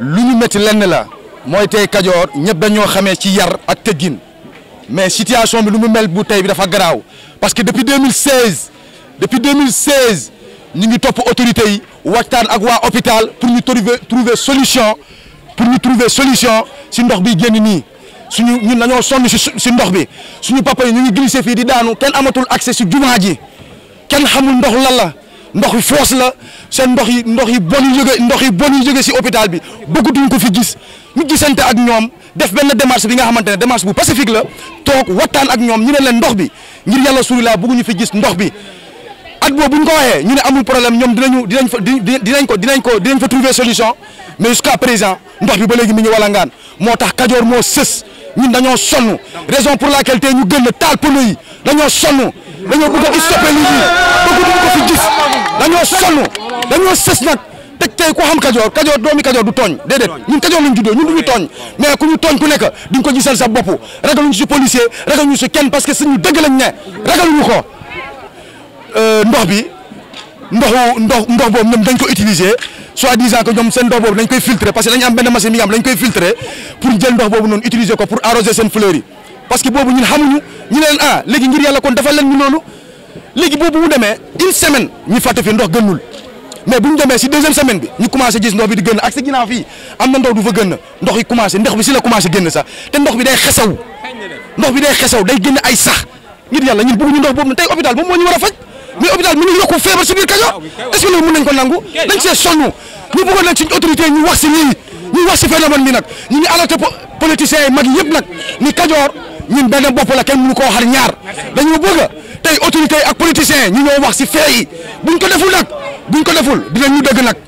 lu ñu métti lenn la mooy tey Kajoor ñëpp dañoo xamee ci yar ak teggin mais situation bi lu mu mel bu tey bi dafa garaaw parce que depuis 2016 depuis 2016 nous ngi top autorité, yi waxtaan ak waa hôpital pour ñu trouver trouver solution pour ñu trouver solution si ndox bi génn nii suñu ñun dañoo sonn si si ndox bi suñu papa yi ñu glissé fii di daanu kenn amatul accès si jumaa ji kenn xamul ndox lan la. ndox yi foos la seen ndox yi ndox yi bon yu yi bon si hôpital bi bëggatuñ ko fi gis ñu gisante ak ñoom def benn démarche bi nga xamante ne démarche bu pacifique la toog waxtaan ak ñoom ñu ne leen ndox bi ngir yàlla suuli laa bëgguñu fi gis ndox bi at boobu bu ñu ko waxee ñu ne amul problème ñoom dinañu dinañ fa dinañ ko dinañ ko dinañ fa trouver solution mais jusqu'à présent ndox bi ba léegi mu mi ngi walangaan moo tax Kajoor moo sës ñun dañoo sonn raison pour laquelle tey ñu gën a taal a stoppé dañoo sonn dañoo sës nag te tey ku xam kajoor kajoor doomi kajoor du tooñ déedéet ñun kajoor lañ juddoo ñun du ñu tooñ mais ku ñu tooñ ku nekk di nga ko gisal sa bopp ragaluñu si policier ragaluñu si kenn parce que suñu dëgg lañ ne ragaluñu ko euh, ndox bi ndoxu ndox ndox boobu ñoom dañ ko utiliser soi-disant que ñoom seen ndox boobu dañ koy filtrer parce que dañu am benn machine bi nga xam koy filtrer pour jël ndox boobu noonu utiliser ko pour arroser seen fleurs yi parce que boobu ñun xamuñu ñu ne leen ah, kon dafa leen ñu léegi boobu mu demee une semaine ñu fàtte fi ndox gënnul mais bu ñu demee si deuxième semaine bi ñu commencé gis ndox bi di gënn ak si ginnaaw fii am na ndox du fa gënn ndox yi commencé ndox bi si la commencé génn sax te ndox bi day xesaw ndox bi day xesaw day génn ay sax ngir yàlla ñun bëgguñu ndox boobu tey hôpital moom moo ñu war faj mais hôpital mi ngi yokku feebar si biir Kajoor est-ce que nañ ko nangu dañ see sonn ñu bëggoon nag wax si ñu wax ñu ngi tey autorité ak politicien ñu ñoo wax si fee buñ ko deful nag buñ ko deful dinañu dëgg nag.